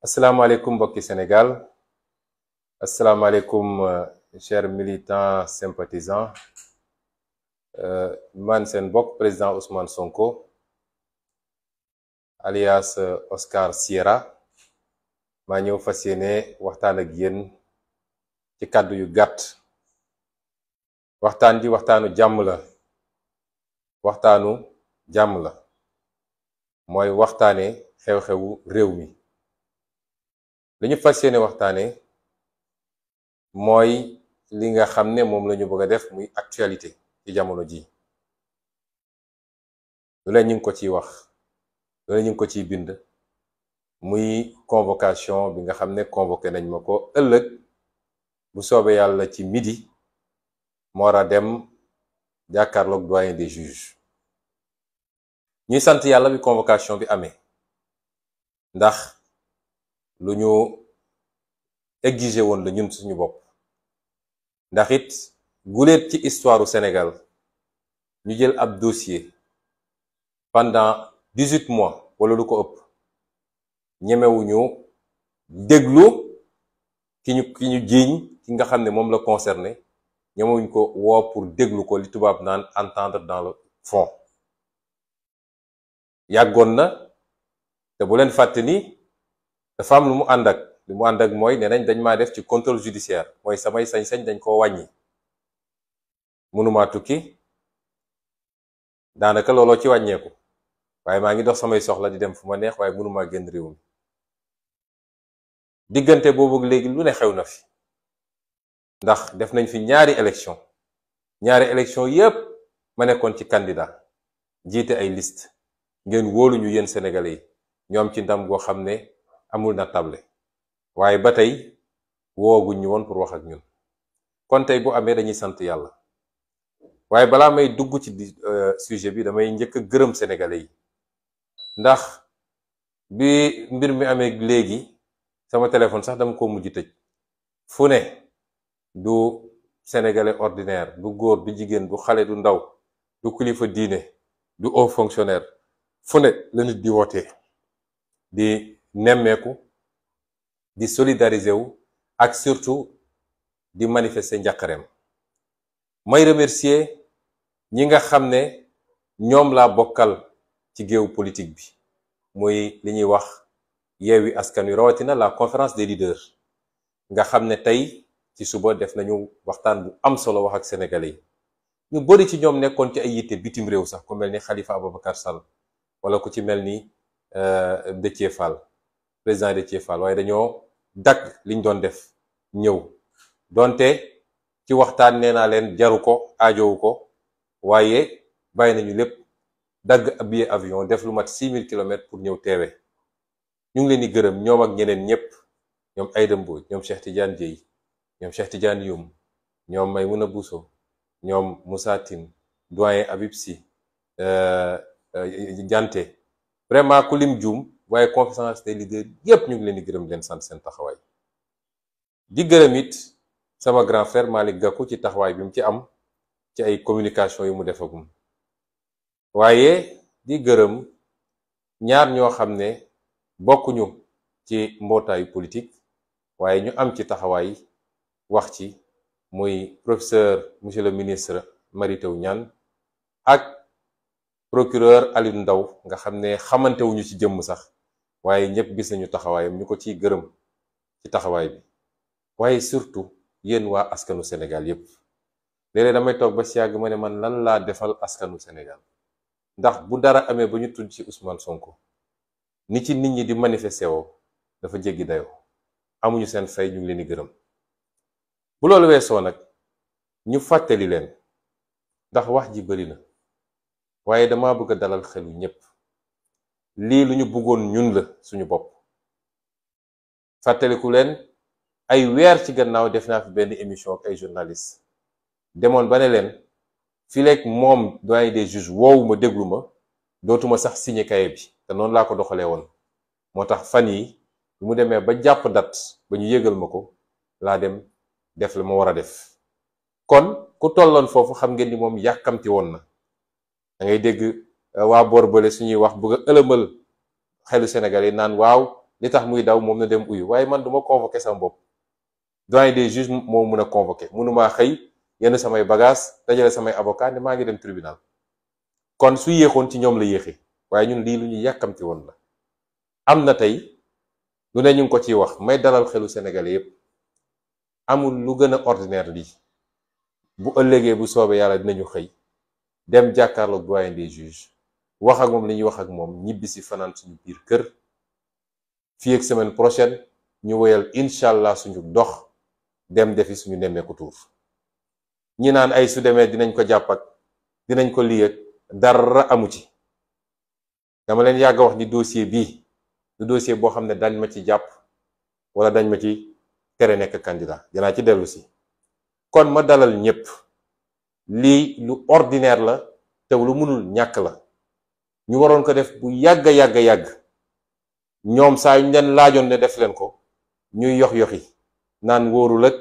Assalamu alaikum Boki Sénégal alaikum euh, chers militants sympathisants euh, man Mansen président Ousmane Sonko alias euh, Oscar Sierra Manio Fassine, Wartan Gien waxtaan Yugat, Wartan Di Wartanu yu Wartanu waxtaan Moi Wartane, jàmm la li ñu fas yéene waxtaanee mooy li nga xam ne moom lañu ñu bëgg a def muy actualité ci jamono ji lu leen ñu ngi ko ci wax lu leen ñu ngi ko ci bind muy convocation bi nga xam ne convoqué nañ ma ko ëllëg bu soobee yàlla ci midi moo war a dem jàkkaarloog doyen des juges ñuy sant yàlla bi convocation bi amee ndax Nous avons Nous woon la ñun suñu Nous ndax it histoire au Sénégal avons jël ab dossier pendant 18 mois Nous avons ko Nous avons déglu ki qui nous ñu concerné pour déglou, ko li entendre dans le fond Ya na dafa am lu mu ànd ak lu mu ànd ak mooy nee dañ maa def ci contrôle judiciaire mooy samay sañ-sañ dañ koo wàññi mënumaa tukki daanaka looloo ci wàññeeku waaye maa ngi dox samay soxla di dem fu ma neex waaye mënumaa génn réew mi diggante boobu léegi lu ne xew na fi ndax def nañ fi ñaari élection ñaari élection yépp ma nekkoon ci candidat jiite ay liste ngeen wóolu ñu yéen sénégalais yi ñoom ci ndam goo xam ne amul na table waaye ba tey wooguñ ñu woon pour wax ak ñun kon tey bu amee dañuy sant yàlla waaye balaa may dugg ci euh, sujet bi damay njëkk a gërëm senegale yi ndax bi mbir mi amee léegi sama téléphone sax dama ko mujj tëj fu ne du sénégalais ordinaire du góor du jigéen du xale du ndaw du kilifa diine du o fonctionnaire fu ne la nit di wootee di nemeku, di solidariser wu ak surtout di manifester njàqareem may remercier ñi nga xamné ñom la bokal ci géew politique bi moy li wax yeewi askan rawatina la conférence des leaders nga xamné tay ci suba def nañu waxtaan bu am solo wax ak sénégalais ñu bëri ci ñom nekkon ci ay yité bitim réew sax ku melni Khalifa Ababacar Sall wala ku ci melni euh Déthié Fall président Déthié Fall waaye dañoo dagg liñ doon def ñëw donte ci waxtaan nee naa leen jaru ko aajowu ko waaye bàyyi nañu lépp dagg billet avion def lu mat 6000 kilomètres pour ñëw teewe ñu ngi leen di gërëm ñoom ak ñeneen ñëpp ñoom Aïda Mbodj ñoom Cheikh Tidiane Dieye ñoom Cheikh Tidiane Youm ñoom Maymouna Bousso ñoom Moussa Tine doyen Habib Sy euh, euh, Diante vraiment ku lim juum waye confiance des leader yépp ñu ngi leen di gërëm leen sant seen taxaway di gërëm it sama grand frère Malik Gakou ci taxaway bi mu ci am ci ay communication yu mu defagum waaye di gërëm ñaar ño xamné bokku ñu ci mbootaayu politique waye ñu am ci taxaway wax ci moy professeur monsieur le ministre Mary Niane ak procureur Alioune Ndaw nga xamné xamanté wuñu ci jëm sax waye ñepp gis nañu taxawayam ñuko ci ciy ci taxaway bi waye surtout yeen wa askanu senegal yépp léeg damay tok ba siag mané man lan la defal askanu senegal ndax bu dara amé bu ñu tudd ci Ousmane Sonko ni ci nit ñi di manifester wo dafa jéggi dayo amuñu sen fay ñu ngi leen di bu loolu wéso nak ñu fatali ndax wax ji bari na waye dama bëgg dalal xelu ñepp lii lu ñu bëggoon ñun la suñu bopp fàttaliku leen ay weer ci gannaaw def naa fi benn émission ak ay journaliste demoon ba ne leen fileeg moom doyen des juges woowu ma déglu ma dootuma sax signé cahier bi te noonu laa ko doxalee woon moo tax fan yi lu mu demee ba jàpp dat ba ñu yëgal ma ko laa dem def la ma war a def kon ku tolloon foofu xam ngeen ni moom yàkkamti woon na da dégg Euh, waa boor bële suñuy wax bëgg a ëlëmal xelu Sénégal yi naan waaw li tax muy daw moom na dem uyu waaye man du ma convoqué sama bopp doyen des juges moo mun a convoqué mënumaa xëy yenn samay bagage dajale samay avocat ne maa ngi dem tribunal kon su yéexoon ci ñoom la yéexee waaye ñun lii lu ñu yàkkamti woon la am na tey lu ne ñu ngi ko ciy wax may dalal xelu Sénégalais yépp amul lu gën a ordinaire lii bu ëllëgee bu soobee yàlla dinañu xëy dem jàkkaarloog doyen des juges wax ak moom li ñuy wax ak moom ñibbi si fanaan suñu biir kër fii ak semaine prochaine ñu woyal incha allah suñu dox dem defi suñu nemmeeku tuur ñi naan ay su demee dinañ ko jàpp ak dinañ ko lii ak dara amu ci dama leen yàgg wax ni dossier bii du dossier boo xam ne dañ ma ci jàpp wala dañ ma ci tere nekk candidat dinaa ci dellusi kon ma dalal ñépp lii lu ordinaire la te lu mënul ñàkk la ñu waroon ko def bu yàgg yàgg yàgg ñoom saa yu leen laajoon ne def leen ko ñuy yox yoxi naan wóorul ak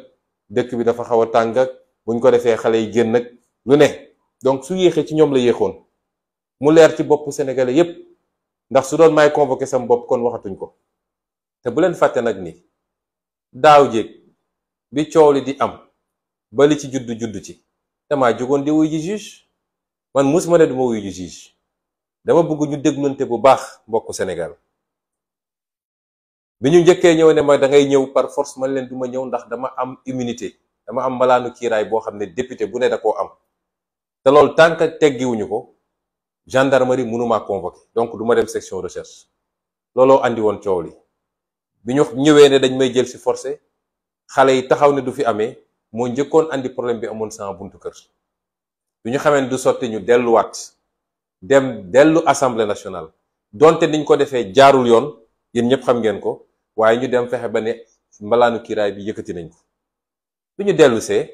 dëkk bi dafa xaw a tàng ak buñ ko defee xale yi génn nag lu ne donc su yéexee ci ñoom la yéexoon mu leer ci bopp sénégalais yépp ndax su doon may convoqué sam bopp kon waxatuñ ko te bu leen fàtte nag ni daaw jéeg bi coow li di am ba li ci juddu juddu ci maa jógoon di wuy ji juge man musuma ne duma wuy ji juge dama bëgg ñu dégnunte bu baax mbokk Sénégal bi ñu njëkkee ñëw ne ma da ngay ñëw par force man leen duma ma ñëw ndax dama am immunité dama am mbalaanu kiiraay boo xam ne député bu né da ko am té lool loolu téggi wuñu ko gendarmerie mënuma convoquer donc duma dem section recherche lolo andi won ciowli li bi ñu ñëwee ne dañ may jël ci forcé xalé yi taxaw né du fi amé mo ñëkkon andi problème bi amoon sans buntu kër bi ñu xamee du sotti ñu déllu wat dem dellu assemblée nationale donte niñ ko defee jaarul yoon yéen ñëpp xam ngeen ko waaye ñu dem fexe ba ne mbalaanu kiiraay bi yëkkati nañ ko bi ñu dellu see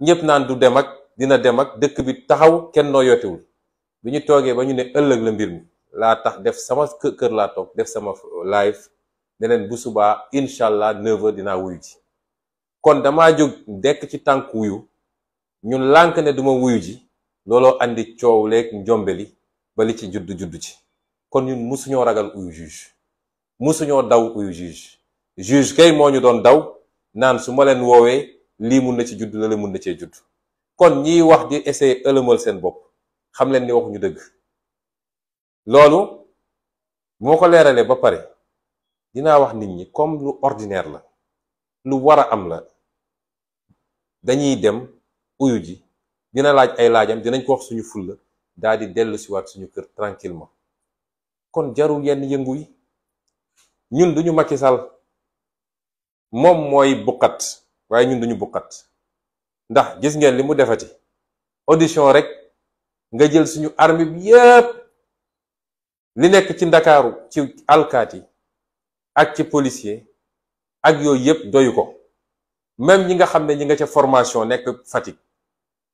ñëpp naan du dem ak dina dem ak dëkk bi taxaw kenn noo yootewul bi ñu toogee ba ñu ne ëllëg la mbir mi laa tax def sama kër laa toog def sama live ne bu subaa incha allah 9 dinaa wuyu ji kon dama jóg dekk ci tànk wuyu ñun lànk ne duma wuyu ji looloo indi coow leeg njombeli ba li ci juddu juddu ci kon ñun musuñoo ragal uyu juge musuñoo daw uyu juge juge kay moo ñu doon daw naan su ma leen woowee lii mun na ci judd la mun na cee juddu kon ñiy wax di essayer ëlëmal seen bopp xam leen ni ñu dëgg loolu moo ko leeralee ba pare dinaa wax nit ñi comme lu ordinaire la lu war a am la dañuy dem uyu ji dina laaj ay laajam dinañ ko wax suñu fulla daal di dellu siwaat suñu kër tranquillement kon jaru yenn yëngu yi ñun duñu Macky Sall moom mooy buqat waaye ñun duñu buqat ndax gis ngeen li mu defati audition rek nga jël suñu armée bi yépp li nekk ci ndakaaru ci alkaati ak ci policier ak yooyu yépp doyu ko même ñi nga xam ne ñi nga ca formation nekk Fatick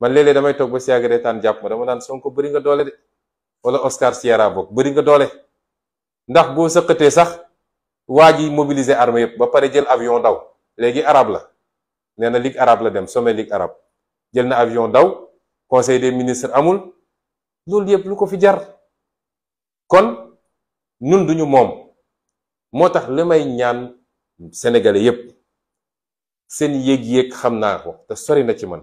man lele damay tok ba si yàgg reetaan dama nan Sonko beuri nga dole de wala Oscar Sierra bok beuri nga dole ndax bo mobilize sax waji mobiliser armée ba paré jël avion daw légui Arab la néna ligue arab la dem sommet ligue arab jël na avion daw conseil des ministres amul lool yëpp lu fi jar kon ñun duñu mom motax limay ñaan sénégalais yëpp seen yéeg-yéeg xamna ko te sori na ci man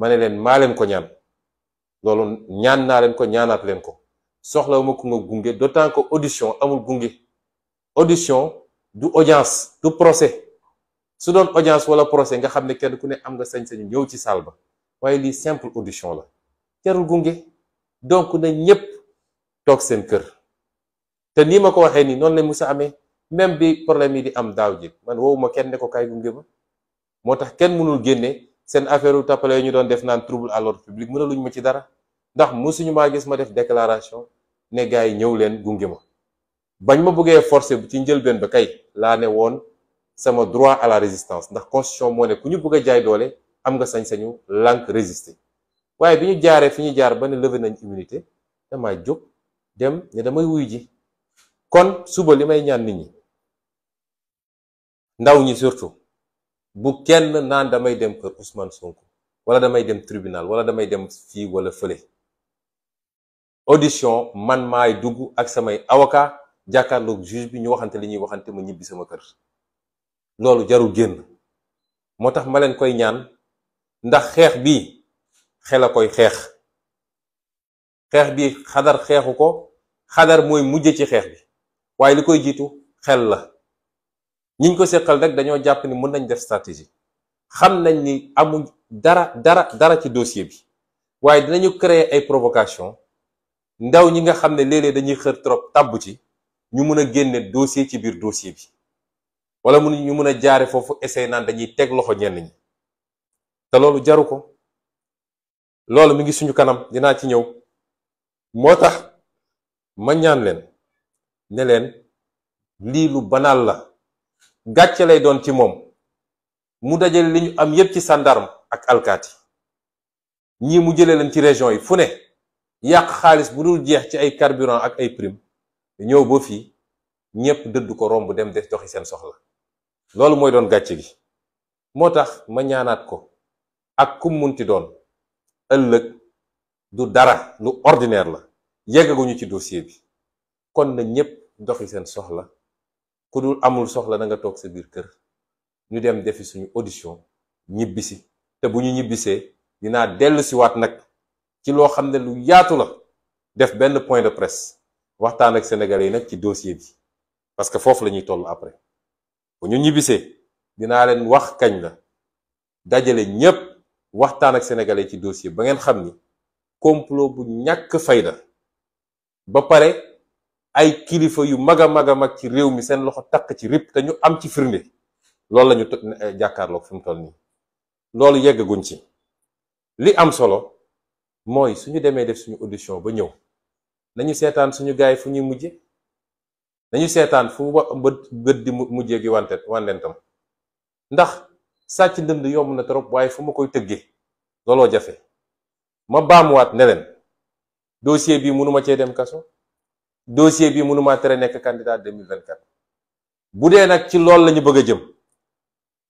ma ne leen maa leen ko ñaan loolu ñaan naa leen ko ñaanaat leen ko soxla soxlawuma ku nga gunge d'autant ko audition amul gunge audition du audience du procès su doon audience wala procès nga xam ne kenn ku ne am nga sañ-sañu ñëw ci salle ba waaye lii simple audition la jarul gunge donc na ñépp toog seen kër te nii ma ko waxee nii noonu mu sa amee même bi problème yi di am daaw ji man wowuma kenn ne ko kaay gunge ba moo tax kenn mënul génne seen affaire u tappale ñu doon def naan trouble à l'ordre public mën a luñ ma ci dara ndax mosuñu maa gis ma def déclaration ne gars yi ñëw leen gunge ma bañ ma buggee forcé bu ci njëlbeen ba kay laa ne woon sama droit à la résistance ndax constitution moo ne ku ñu bëgg a jaay doole am nga sañ-sañu lànk résister waaye bi ñu jaaree fi ñu jaar ba ne levé nañ immunité damaa jóg dem ne damay wuy ji kon suba li may ñaan nit ñi ndaw ñi surtout bu kenn naan damay dem kër Ousmane Sonko wala damay dem tribunal wala damay dem fii wala fële audition man maay dugg ak samay avocat jàkkaarloog juge bi ñu waxante li ñuy waxante ma ñibbi sama kër loolu jaru génn moo tax ma leen koy ñaan ndax xeex bi xel a koy xeex xeex bi xadar xeexu ko xadar mooy mujj ci xeex bi waaye li koy jiitu xel la ñiñ ko seqal rek dañoo jàpp ni mën nañ def stratégie xam nañ ni amuñ dara dara dara ci dossier bi waaye dinañu créer ay provocation ndaw ñi nga xam ne léeg-léeg dañuy xër trop tàbb ci ñu mun a génne dossier ci biir dossier bi wala mun ñu mën a jaare foofu essayé naan dañuy teg loxo ñenn ñi te loolu jaru ko loolu mu ngi suñu kanam dinaa ci ñëw moo tax ma ñaan leen ne leen lii lu banaal la gàcce lay doon ci moom mu dajale li ñu am yépp ci sàndarm ak alkaati ñii mu jële leen ci région yi fu ne yàq xaalis bu dul jeex ci ay carburant ak ay prime ñëw ba fii ñépp dëdd ko romb dem des doxi seen soxla loolu mooy doon gàcce gi moo tax ma ñaanaat ko ak kum munti doon ëllëg du dara lu ordinaire la yeggaguñu ci dossier bi kon na ñépp doxi seen soxla ku dul amul soxla na nga toog sa biir kër ñu dem defi suñu audition ñibbisi te bu ñu ñibbisee dinaa dellu si nag ci loo xam ne lu yaatu la def benn point de presse waxtaan ak sénégalais yi nag ci dossier bi parce que foofu la ñuy toll après bu ñu ñibbisee dinaa leen wax kañ la dajale ñépp waxtaan ak sénégalais ci dossier ba ngeen xam ni complot bu ñàkk fayda ba pare ay kilifa yu mag a mag a mag ci réew mi seen loxo takk ci rip te ñu am ci firnde loolu lañu ñu eh, jàkkaarloog fi mu toll nii loolu yeggaguñ ci li am solo mooy suñu demee def suñu audition ba ñëw nañu seetaan suñu gaay fu ñuy mujje nañu seetaan fu ba bët di mujje gi wante wandentam ndax sàcc ndënd yomb na trop waaye fu ma koy tëggee loloo jafe ma baamuwaat ne leen dossier bi mënuma cee dem kaso dossier bi mënumaa tere nekk candidat 2024 bu dee nag ci lool lañu ñu bëgg a jëm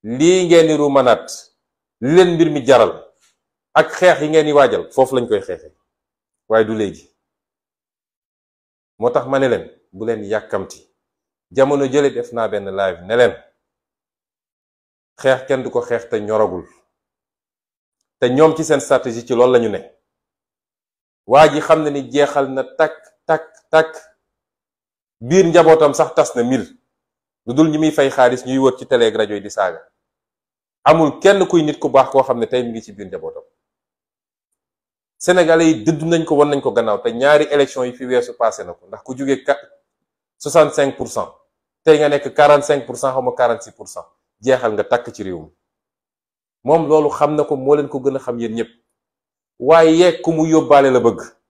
lii ngeen di ruumanaat li leen mbir mi jaral ak xeex yi ngeen di waajal foofu lañ koy xeexee waaye du léegi moo tax ma ne leen bu leen yàkkamti jamono jële def naa benn live ne leen xeex kenn du ko xeex te ñoragul te ñoom ci seen stratégie ci loolu lañu ne waa ji xam na ni jeexal na takk takk takk biir njabootam sax tas na mil lu dul ñi muy fay xaalis ñuy wër ci télé rajo yi di saaga amul kenn kuy nit ku baax koo xam ne tey mu ngi ci biir njabootam sénégalais yi dëdd nañ ko wan nañ ko gannaaw te ñaari élection yi fi weesu passé na ko ndax ku jugee quatre soixante cinq pour cent tey nga nekk quarante cinq pour cent xaw ma quarante six pour jeexal nga takk ci réew mi moom loolu xam na ko moo leen ko gën a xam yéen ñëpp waaye ku mu yóbbaale la bëgg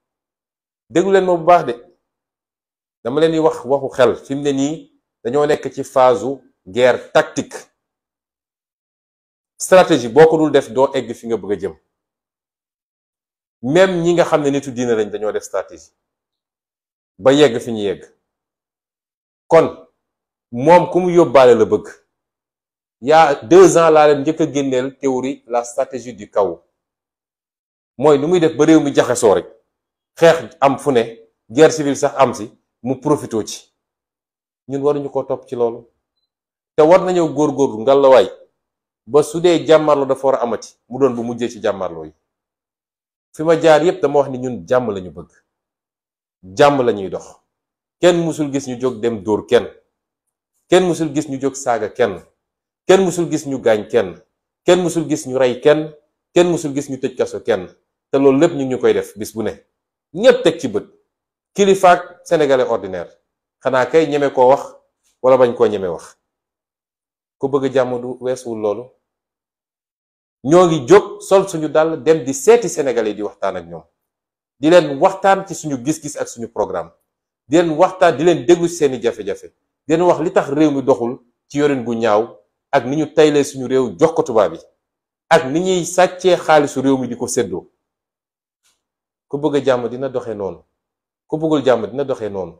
déglu leen ma bu baax de dama leen di wax waxu xel fi ne nii dañoo nekk ci phase guerre tactique stratégie boo ko dul def doo egg fi nga bëgg a jëm même ñi nga xam ne nitu diina lañ dañoo def stratégie ba yegg fi ñu yegg kon moom ku mu yóbbaale la bëgg yaa deux ans laa leen njëkk a génneel théorie la stratégie du kaw mooy nu muy def ba réew mi jaxasoo rek xeex am fu ne guerre civile sax am si mu profitoo ci ñun waruñu ko topp ci loolu te war nañoo góorgóorlu ngalawaay ba su dee jàmmarloo dafa war a amati mu doon bu mujjee ci jàmmarloo yi fi ma jaar yépp dama wax ni ñun jàmm lañu bëgg jàmm lañuy dox kenn musul gis ñu jóg dem dóor kenn kenn musul gis ñu jóg saaga kenn kenn musul gis ñu gaañ kenn kenn musul gis ñu rey kenn kenn musul gis ñu tëj kaso kenn te loolu lépp ñu ngi ñu koy def bis bu ne ñépp teg ci bët kilifaak sénégalais ordinaire xanaa kay ñeme ko wax wala bañ koo ñemee wax ku bëgg jàmm du weesuwul loolu ñoo ngi jóg sol suñu dàll dem di seeti sénégalais di waxtaan ak ñoom di leen waxtaan ci suñu gis-gis ak suñu programme di leen waxtaan di leen déglu seeni jafe-jafe di leen wax li tax réew mi doxul ci yorin gu ñaaw ak ni ñu taylee suñu réew jox ko tubaab yi ak ni ñuy sàccee xaalisu réew mi di ko séddoo ku bëgg jàmm dina doxe noonu ku bëggul jàmm dina doxee noonu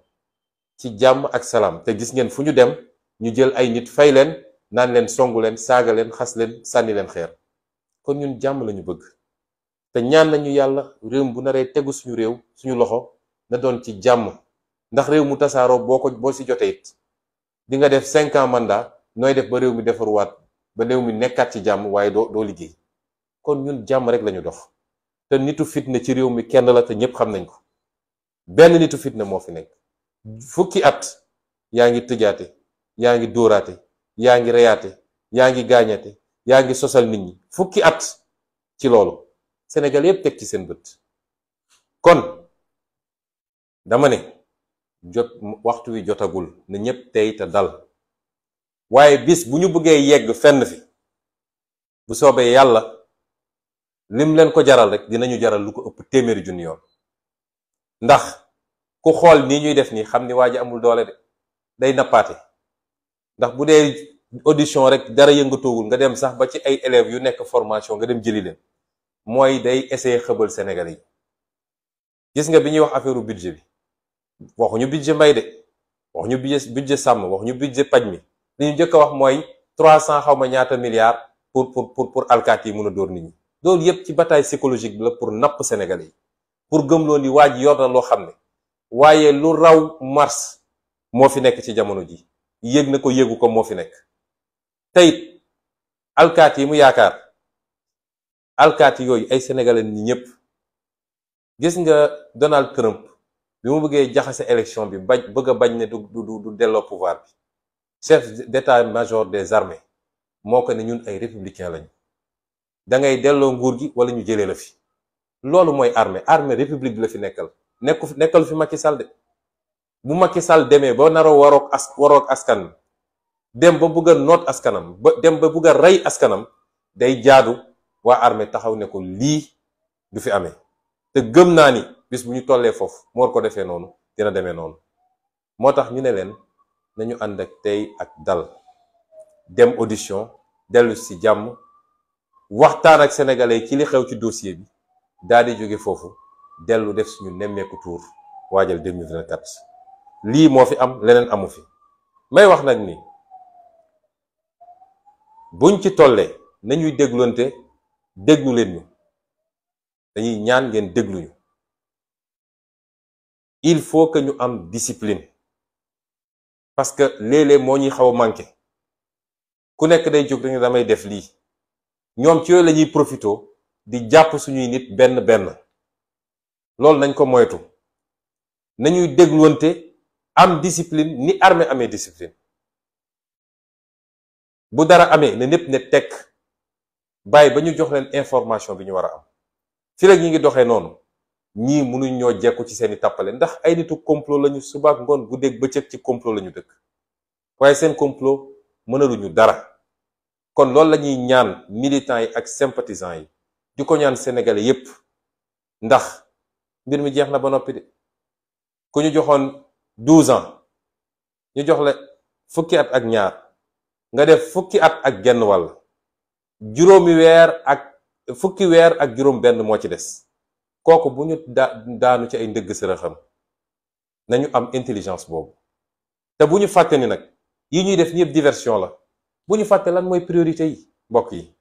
ci jàmm ak salaam te gis ngeen fu ñu dem ñu jël ay nit fay leen naan leen songu leen saaga leen xas leen sànni leen xeer kon ñun jàmm lañu bëgg te ñaan nañu yàlla réew bu naree tegu suñu réew suñu loxo na doon ci jàmm ndax réew mu tasaaroo boo ko boo ci jotee it di nga def cinq ans mandat nooy def ba réew mi defaruwaat ba réew mi nekkaat ci jàmm waaye doo doo liggéey kon ñun jàmm rek lañu dox te nitu fitna ci réew mi kenn la te ñëpp xam nañ ko benn nitu fitna moo fi nekk fukki at yaa ngi tëjaate yaa ngi dóoraate yaa ngi reyaate yaa ngi gaañate yaa ngi sosal nit ñi fukki at ci loolu senegal yëpp teg ci seen bët kon dama ne jot waxtu wi jotagul na ñëpp tey te dal waaye bis bu ñu bëggee yegg fenn fi bu soobee yàlla lim len ko jaral rek dinañu jaral lu ko ëpp téeméeri junni yoon ndax ku xol ni ñuy def ni xamni waji amul doole de day napaté ndax bu audition rek dara yëngatoogul nga dem sax ba ci ay élève yu nekk formation nga dem jëli leen moy day essayer xëbël Sénégalais gis nga bi wax affaireu budget bi ñu budget mbay de ñu budget budget waxu ñu budget paj mi li jëk wax moy 300 xawma ñaata milliards pour pour pour pour alkaati mëna door nit ñi. loolu yëpp ci bataille psychologique bi la pour napp Sénégalais yi pour gëmloo ni waa ji yor na loo xam ne waaye lu raw mars moo fi nekk ci jamono ji yëg na ko yéegu ko moo fi nekk tey alkaati yi mu yaakaar alkaati yooyu ay sénégalais ni ñëpp gis nga Donald Trump bi mu bëggee jaxase élection bi bañ bëgg bañ ne du du du delloo pouvoir bi chef d'état-major des armées moo ko ne ñun ay républicain lañu da ngay delo nguur gi wala ñu jëlé la fi loolu moy armée armée république bi la fi nekkal nekku nekkal fi Macky Sall de bu Macky Sall démé bo naro warok as warok askan dem ba bëgg note askanam dem ba bëgg ray askanam day jaadu wa armée taxaw ne ko li du fi amé te gëm na ni bis bu ñu tollé fofu moo ko défé nonu dina démé nonu motax ñu nañu ak ak dal dem audition delu ci jamm waxtaan ak sénégalais ci li xew ci dossier bi daal di jóge foofu dellu def suñu nemmeeku tour waajal 2024 lii moo fi am leneen amu fi may wax nag ni buñ ci tollee nañuy déglonte déglu leen ñu dañuy ñaan ngeen déglu il faut que ñu am discipline parce que léeg moo ñuy xaw a manqué ku nekk day jóg dañu damay def lii ñoom ci yooyu lañuy ñuy profité di jàpp suñuy nit benn benn loolu nañ ko moytu nañuy dégluwante am discipline ni armée amee discipline bu dara amee na ñépp ne tek bàyyi ba ñu jox leen information bi ñu war a am fi rek ñi ngi doxee noonu ñii mënuñ ñoo jekku ci seeni tàppale ndax ay nitu complot lañu subaak ngoon guddeeg bëccëg ci complot lañu dëkk waaye seen complot mënaluñu dara kon loolu la ñuy ñaan militants yi ak sympathisants yi du ko ñaan sénégalais yépp ndax mbir mi jeex na ba noppi de ku ñu joxoon douze ans ñu jox la fukki at ak ñaar nga def fukki at ak genn wàll juróomi weer ak fukki weer ak juróom benn moo ci des kooku bu ñu daanu ci ay ndëgg sërëxam nañu am intelligence boobu te bu ñu fàtte ni nag yi ñuy def ñëpp diversion la bu ñu fàttee lan mooy priorité yi mbokk yi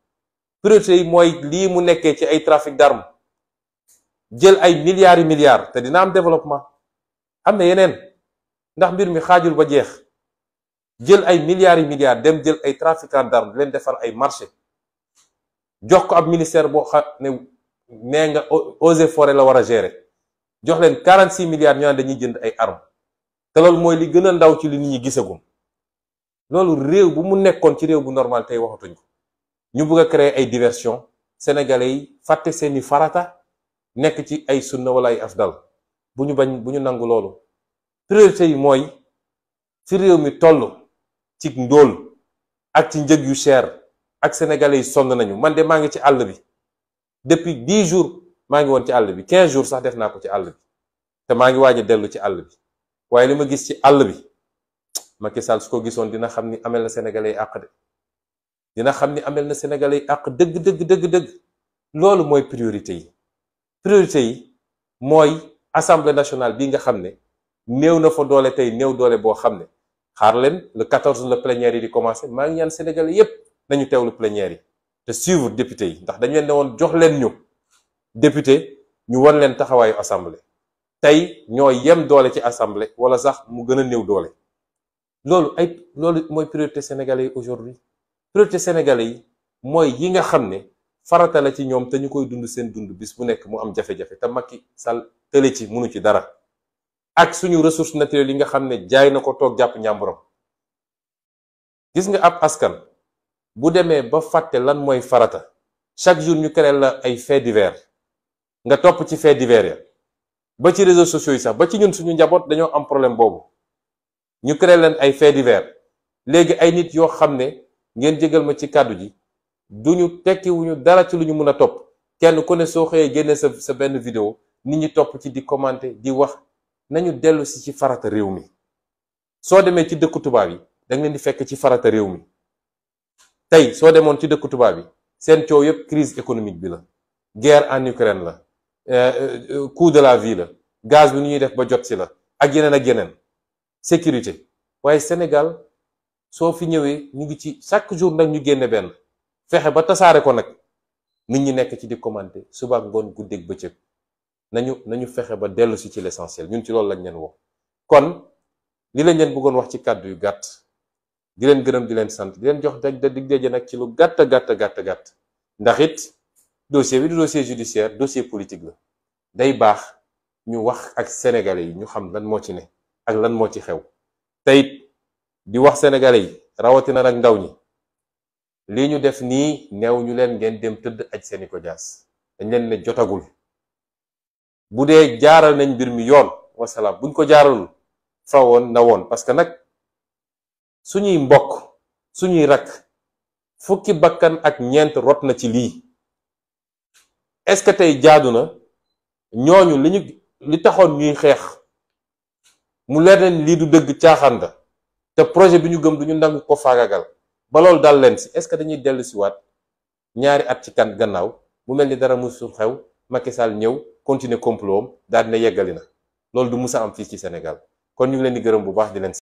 priorité yi mooy lii mu nekkee ci ay trafic d'armes jël ay milliards yu milliards te dina am développement am na yeneen ndax mbir mi xaajul ba jeex jël ay milliards yu milliards dem jël ay trafiquants d'armes leen defar ay marché jox ko am ministère boo xam ne nee nga eaux et forêt la war a gérer jox leen 46 milliards ñu naan dañuy jënd ay armes te loolu mooy li gën a ndaw ci li nit ñi gisagum. loolu réew bu mu nekkoon ci réew bu normal tey waxatuñ ko ñu bëgg a créer ay diversion sénégalais yi fàtte seeni farata nekk ci ay sunna wala ay afdal bu ñu bañ bu ñu nangu loolu priorité yi mooy fi réew mi toll ci ndóol ak ci njëg yu cher ak sénégalais yi sonn nañu man de maa ngi ci àll bi depuis dix jours maa ngi woon ci àll bi quinze jours sax def naa ko ci àll bi te maa ngi waaj a dellu ci àll bi waaye li ma gis ci àll bi Macky Sall su ko gisoon dina xam ni ameel na sénégalais yi àq de dina xam ni ameel na sénégalais yi àq dëgg dëgg dëgg dëgg loolu mooy priorité yi priorité yi mooy assemblée nationale bi nga xam ne néew na fa doole tey néew doole boo xam ne xaar leen le 14 la plénière yi di commencé maa ngi ñaan sénégalais yépp nañu teewlu plénière yi te suivre député yi ndax dañ leen ne woon jox leen ñu député ñu wan leen taxawaayu assemblée tey ñoo yem doole ci assemblée wala sax mu gën a néew doole. loolu ay loolu mooy priorité sénégalais yi aujourd'hui priorité sénégalais yi mooy yi nga xam ne farata la ci ñoom te ñu koy dund seen dund bis bu nekk mu am jafe-jafe te Macky Sall tële ci munu ci dara ak suñu ressources naturelles yi nga xam ne jaay na ko toog jàpp ñàmburam gis nga ab askan bu demee ba fàtte lan mooy farata chaque jour ñu créé la ay faits divers nga topp ci faits divers ya ba ci réseaux sociaux yi sax ba ci ñun suñu njaboot dañoo am problème boobu ñu créé leen ay faits divers léegi ay nit yoo xam ne ngeen jégal ma ci kàddu ji duñu tekkiwuñu dara ci lu ñu mën a topp kenn ku ne soo xëyee génne sa sa benn vidéo nit ñi topp ci di commenter di wax nañu dellu si ci farata réew mi soo demee ci dëkku tubaab yi da leen di fekk ci farata réew mi tey soo demoon ci dëkku tubaab yi seen coow yëpp crise économique bi la guerre en Ukraine la euh, euh, euh, coût de la vie la gaz bi nu ñuy def ba jot si la ak yeneen ak yeneen sécurité waaye Sénégal soo fi ñëwee ñu ngi ci chaque jour nag ñu génne benn fexe ba tasaare ko nag nit ñi nekk ci di commenter suba ak ngoon guddeeg bëccëg nañu nañu fexe ba dellu si ci l'essentiel ñun ci loolu lañ leen woo kon li lañ leen bëggoon wax ci kàddu yu gàtt di leen gërëm di leen sant di leen jox da dig daje nag ci lu gàtt gàtt gàtt gàtt ndax it dossier bi du dossier judiciaire dossier politique la day baax ñu wax ak sénégalais yi ñu xam lan moo ci ne ak lan moo ci xew teyit di wax sénégalais yi rawatina nag ndaw ñi li ñu def nii neew ñu leen ngeen dem tëdd aj seeni ko jaas dañ leen ne jotagul bu dee jaaral nañ mbir mi yoon wasalaam buñ ko jaaralul fa na woon parce que nag suñuy mbokk suñuy rakk fukki bakkan ak ñeent rot na ci lii est-ce que tey jaadu na ñooñu li ñu li taxoon ñuy xeex mu leer leen lii du dëgg caaxaan la te projet bi ñu gëm du ñu nangu ko faagagal ba loolu daal leen si est-ce que dañuy dellu si waat ñaari at ci kan gannaaw mu mel ni dara musul xew Macky Sall ñëw continuer complot am daal dina yeggali na loolu du musa am fii ci Sénégal kon ñu ngi leen di gërëm bu baax di leen